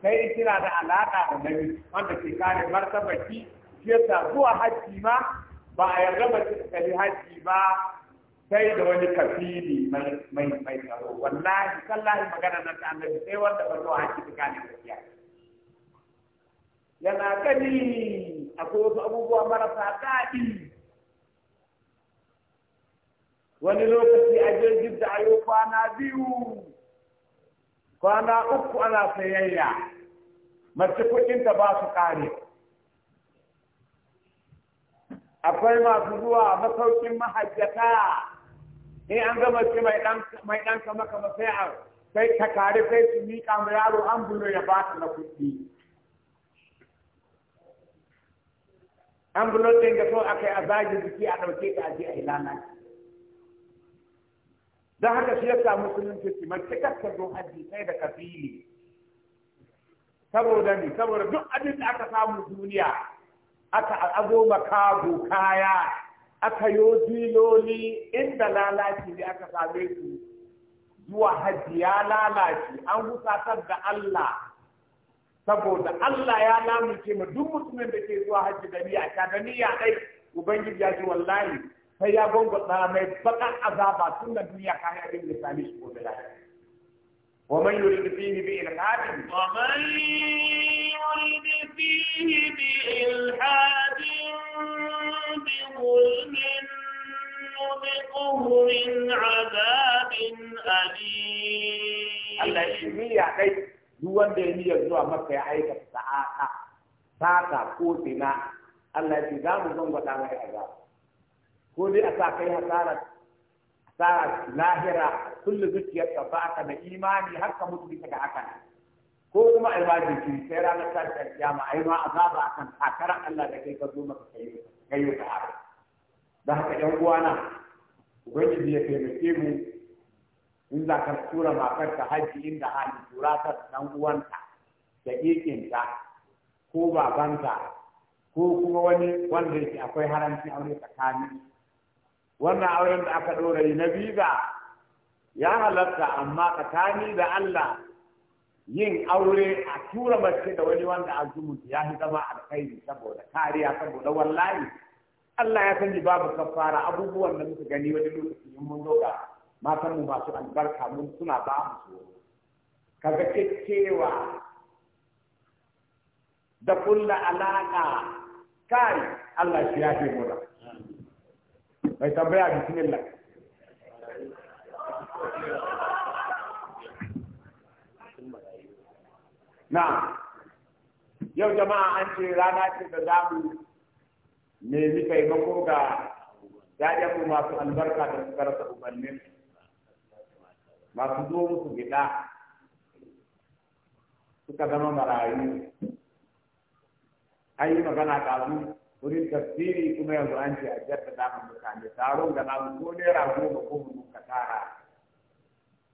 sai kina da alaka da nabi wanda ke kare martaba ki shi zuwa haji ma ba a yarda ba ki tafi ba sai da wani kafili mai mai mai tsaro wallahi sallahi magana nan da annabi sai wanda ba zuwa haji ta kare gaskiya yana gani akwai wasu abubuwa marasa daɗi wani lokaci a jirgin da ayo kwana biyu kwana uku ana sayayya mace kuɗinta ba su ƙare akwai masu zuwa masaukin mahajjata in an gama ce mai ɗan kama kama sai a sai ta kare sai su miƙa ma yaro an bulo ya ba ta na kuɗi an da so aka kai a zagin jiki a ɗauke ta a je a ilana don haka shi yasa musulunci ki mace ka don hajji sai da kafili saboda ni saboda duk abin da aka samu duniya aka azo makago kaya aka yo diloli inda lalaci ne aka same su zuwa haji ya lalace an husatar da Allah saboda Allah ya lamunce mu duk mutumin da ke zuwa hajji da niyya ka da niyya dai ubangiji ya ji wallahi sai ya gongoda mai bakan azaba tun da duniya ka ya abin da sami shi gobe lafiya ومن يريد فيه بإلحاد ومن يريد فيه بإلحاد بظلم نذقه من عذاب أليم الله يشفيه يا duk wanda ya niyyar zuwa maka ya aikata sa'ata sata ko zina Allah ya ce za mu zan gwada mai azaba ko dai a sa kai hasara sa lahira kullu zuciyar ka ba na imani har ka mutu daga haka ko kuma ki sai ranar ta da kiyama ai ma azaba akan akara Allah da kai ka zo maka kai kai ka haka da haka ɗan uwana ubangiji ya taimake mu in za ka tura matar ta haji inda hali tura ta dan uwanta da ikinta ko babanta ko kuma wani wanda yake akwai haramci aure tsakani wannan auren da aka ɗora yi na biza ya halatta amma tsakani da Allah yin aure a tura mace da wani wanda a zumunta ya fi zama alkhairi saboda kariya saboda wallahi Allah ya sani babu kafara abubuwan da muka gani wani lokaci mun zo ga matan mu masu albarka mun suna ba mu so kaga cewa da kulla alaka kai Allah shi ya fi mura mai tambaya bismillah na yau jama'a an ce rana ce da zamu nemi taimako ga yayan mu masu albarka da suka rasa ubanninsu masu zo musu gida suka zama marayu an yi magana kazu wurin tafsiri kuma yanzu an ce a jarta damar mutane taron da namu ko naira goma ko mu ka tara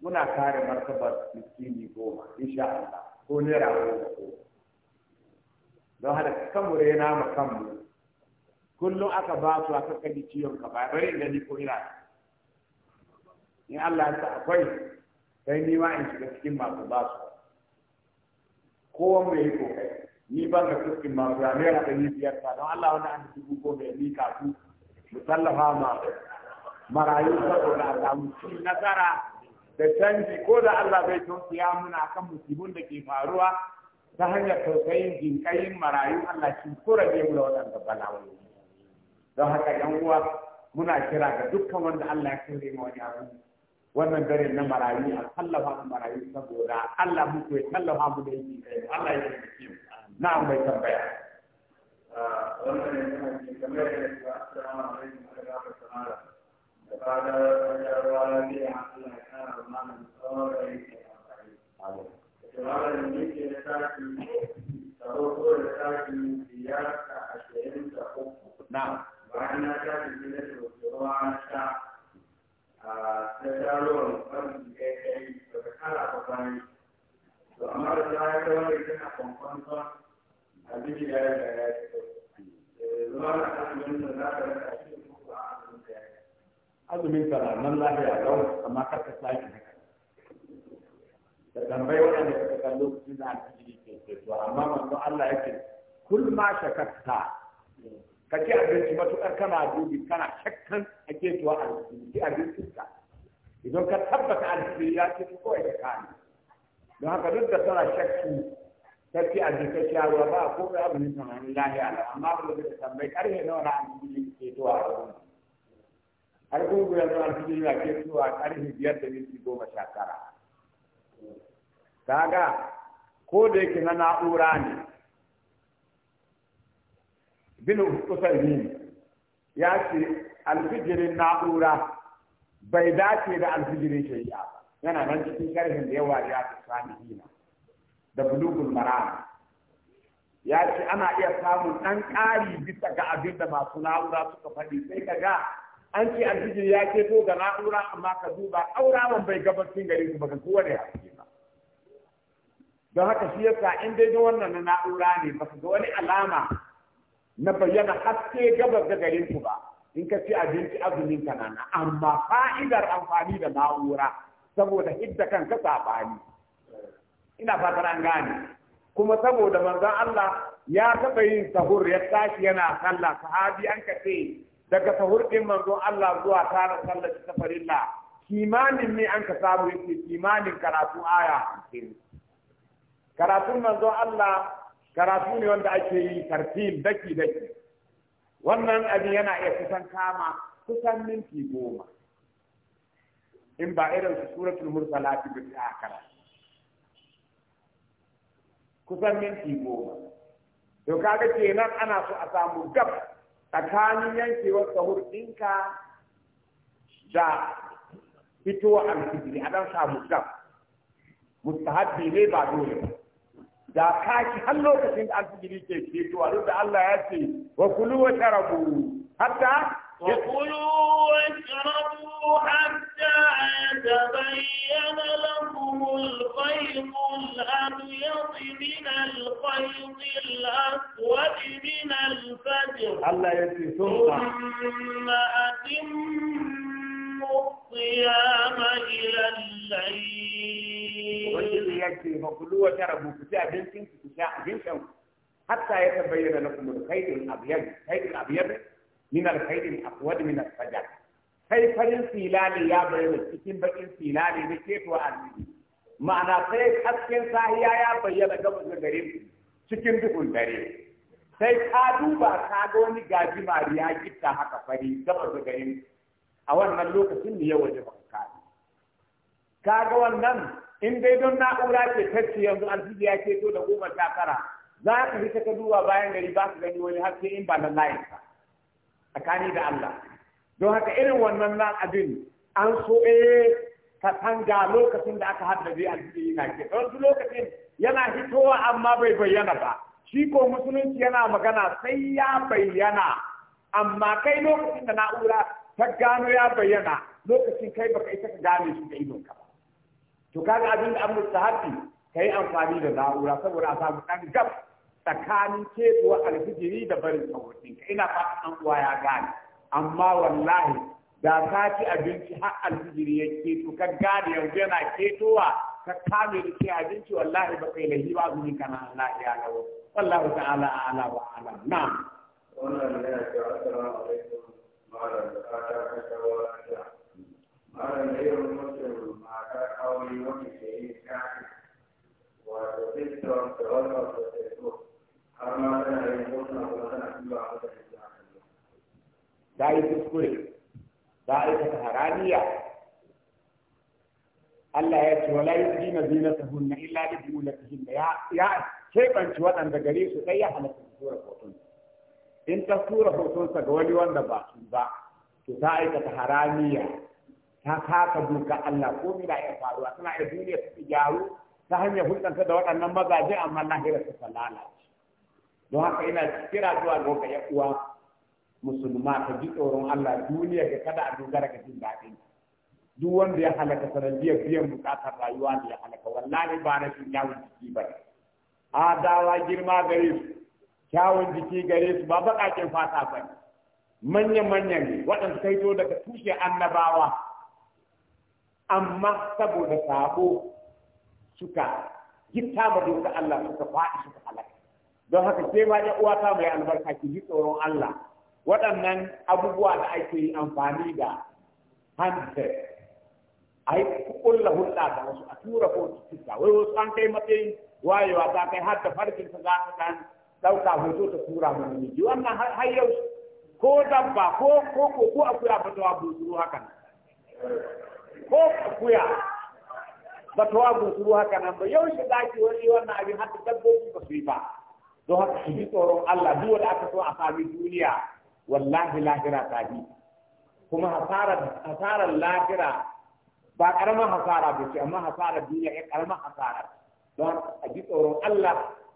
muna kare martabar miskini goma insha Allah ko naira goma ko don haka kan mu rena ma kanmu kullum aka ba su aka kadi ciwon ka ba bari gani ko ina in Allah ya sa akwai sai ni ma in shiga cikin masu ba su kowa mai yi ni ba ga cikin masu ya naira biyar ta don Allah wani an dubu ko ya mika su mu ma marayu saboda Allah samu nasara da canji ko da Allah bai tausaya muna kan musibin da ke faruwa ta hanyar tausayin jinkayin marayu Allah shi kurage mu da waɗanda bala'o'i don haka yan uwa muna kira ga dukkan wanda Allah ya kare mu wani abu wannan dare na marayu a tallafa mu marayu saboda Allah muku ya tallafa mu da yake kai Allah ya tafi mu na bai tambaya ah, wannan ne kamar yadda assalamu alaikum wa rahmatullahi da fara da rawa ne a Allah ya kara mana tsawon rai da amfani da da ne ke da taki tsaro ko da taki ziyarta ashirin da uku na bayan na tafi gidan da ruwa sha na jaruwan wani da ya kai daga amma da ta ya zama eh, azumin da ka da yi nan lafiya lau amma kar sake haka da tambayi waɗanda suka kan lokacin da aka ji ke to amma manzo Allah yake kul ma shakakta ka ci abinci matuƙar kana dubi kana shakkan a ketuwa a ci abincinka idan ka tabbata alheri ya ce kawai ka kani don haka duk da tana shakki ta ci abinci ta ruwa ba ko ga abu ne tunanin lahi ala amma ba da tambayi karhe nawa na ke ketuwa a wani har gungu yanzu ke ya a karfe biyar da minti goma sha tara kaga ko da yake na na'ura ne bin usaimin ya ce alfijirin na'ura bai dace da alfijirin shari'a yana nan cikin karfin da yawa ya fi samihina da bulugul maram ya ce ana iya samun ɗan ƙari bisa ga abin da masu na'ura suka faɗi sai ka ga an ce alfijiri ya to ga na'ura amma ka duba auraman bai gabacin gari su baka kowa da ba don haka shi yasa in dai ga wannan na'ura ne su ga wani alama na bayyana haske gabar da garin su ba in ka ci abinci azumin ka nana amma fa'idar amfani da na'ura saboda hidda ka sabani ina fatar an gane kuma saboda manzon Allah ya taɓa yin sahur ya tashi yana sallah sahabi an ka ce daga sahur din manzon Allah zuwa tara sallar ta farilla kimanin ne an ka samu yake kimanin karatu aya 50 karatun manzon Allah karatu ne wanda ake yi tartil daki daki wannan abin yana iya kusan kama kusan minti goma in ba irin su suratul mursalat bi ta kusan minti goma to kaga kenan ana so a samu gab tsakanin yankewar sahur ɗinka da fitowa alfijiri a ɗan samu gab mustahabbi ne ba dole ba da kaki har lokacin da alfijiri ke fitowa duk da Allah ya ce wa kulu wa tarabu hatta وكلوا واشربوا حتى يتبين لكم الخيط الأبيض من الخيط الأسود من الفجر الله ثم أتم الصيام إلى الليل وجد يجري فكلوا وشربوا كساء بنتين كساء بنتين حتى يتبين لكم الخير الأبيض الخير الأبيض من الخير الأسود من الفجر kai farin filali ya bayyana cikin bakin filali na keto arziki ma'ana sai hasken sahiya ya bayyana gabas da cikin duhun dare sai ka duba ka ga wani gaji mariya haka fari gaba da a wannan lokacin da ya waje ba Ka kaga wannan in dai don na'ura ce tacce yanzu alfiji ya ce to da goma takara za ka fita ta duba bayan gari ba ka gani wani haske in ba na layin ka tsakani da Allah don haka irin wannan nan abin an so eh ka tanga lokacin da aka haddace alfiji yana ke don lokacin yana hitowa amma bai bayyana ba shi ko musulunci yana magana sai ya bayyana amma kai lokacin da na'ura ta gano ya bayyana lokacin kai baka ita ka gane shi da idon ka to kaga abin da ta sahabi kai amfani da na'ura saboda a samu dan gab tsakanin ketuwa alfijiri da barin sauƙin ka ina fata an uwa ya gane amma wallahi da ka ci abinci har alfijiri ya keto ka gane yanzu yana ketowa ka kame da ke abinci wallahi ba kai lahi ba azumin kana lafiya lawo wallahu ta'ala a'ala wa a'lam na'am wannan ne ya ce assalamu alaikum mara kata kashawa da mara da yin mutum matar aure wani ke yi kafi wato siston da wani wato teso har ma tana yin kuma kuma tana zuwa wata hijira ta yi kuskure ta aikata haramiya Allah ya ce wala yuzina zinatahunna illa li buyutihim ya ya kebanci waɗanda gare su sai ya halatta su tura hoton in ta tura hotonsa ga wani wanda ba su ba to ta aikata haramiya ta kaka duka Allah ko mina ya faruwa tana iya duniya ta gyaru ta hanyar hulɗanta da waɗannan mazaje amma lahira ta lalace don haka ina kira zuwa ga ya uwa musulma ta ji tsoron Allah duniya ga kada a dogara ga jin daɗin duk wanda ya halaka sanadiyar biyan bukatar rayuwa da ya halaka wallahi ba na shi yawon jiki ba adawa girma gare su kyawun jiki gare su ba baƙaƙen fata ba manya-manya ne waɗanda kai to daga tushe annabawa amma saboda sabo suka gitta ba doka Allah suka faɗi suka halaka don haka ke ma ya uwa ta mai albarka ki ji tsoron Allah waɗannan abubuwa da ake yi amfani da handset a yi kulla hulɗa da wasu a tura ko wai wasu an kai matsayin wayewa ta kai har da farkin za ta ɗauka hoto ta tura mana miji wannan har yau ko dabba ko ko ko ko akuya ba ta wabu haka ko akuya ba ta wabu haka nan ba yau shi zaki wani wannan abin har da dabbobi ba su yi ba don haka su bi tsoron Allah duk wanda aka so a sami duniya wallahi lahira ta bi kuma hasarar hasarar lahira ba karamar hasara ba ce amma hasarar duniya ya karamar hasara don a ji tsoron Allah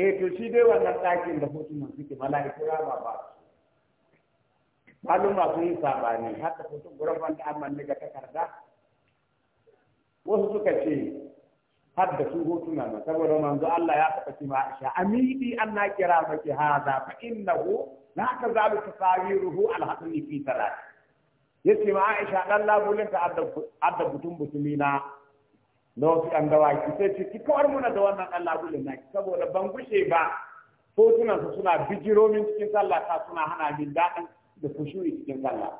eh to shi dai wannan ɗakin da hotuna suke mala'iku ya ba ba maluma sun yi sabani haka hoton gurafan da amman ga takarda wasu suka ce har da su hotuna na saboda manzo Allah ya faɗa ma Aisha amidi an na kira maki hada fa innahu la tazalu tasawiruhu al-hasani fi salat yace ma Aisha dan labulin ta adda butun butumi na na wasu ɗan dawaki sai ce ki kawar muna da wannan ɗan labulin naki saboda ban gushe ba hotunansa suna bijiro min cikin sallah ta suna hana min daɗin da kushuri cikin sallah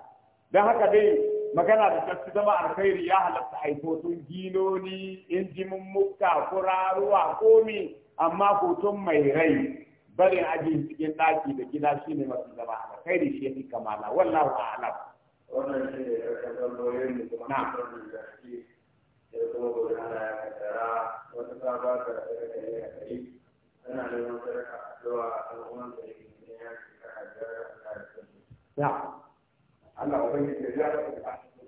don haka dai magana da fi zama alkhairi ya halatta a ginoni injimin mukta kuraruwa komi amma hoton mai rai barin aji cikin ɗaki da gida shi ne mafi zama alkhairi shi ya fi kamala wallahu a'lam wannan shi ne ya kasar lauyoyin da kuma sai kuma gobe ana ya kaddara wata saba ta sadaka ne a kai ana neman sadaka a zuwa a kan uwan da yake ne ya ce ka hajjar Allah ya Allah ubangiji ya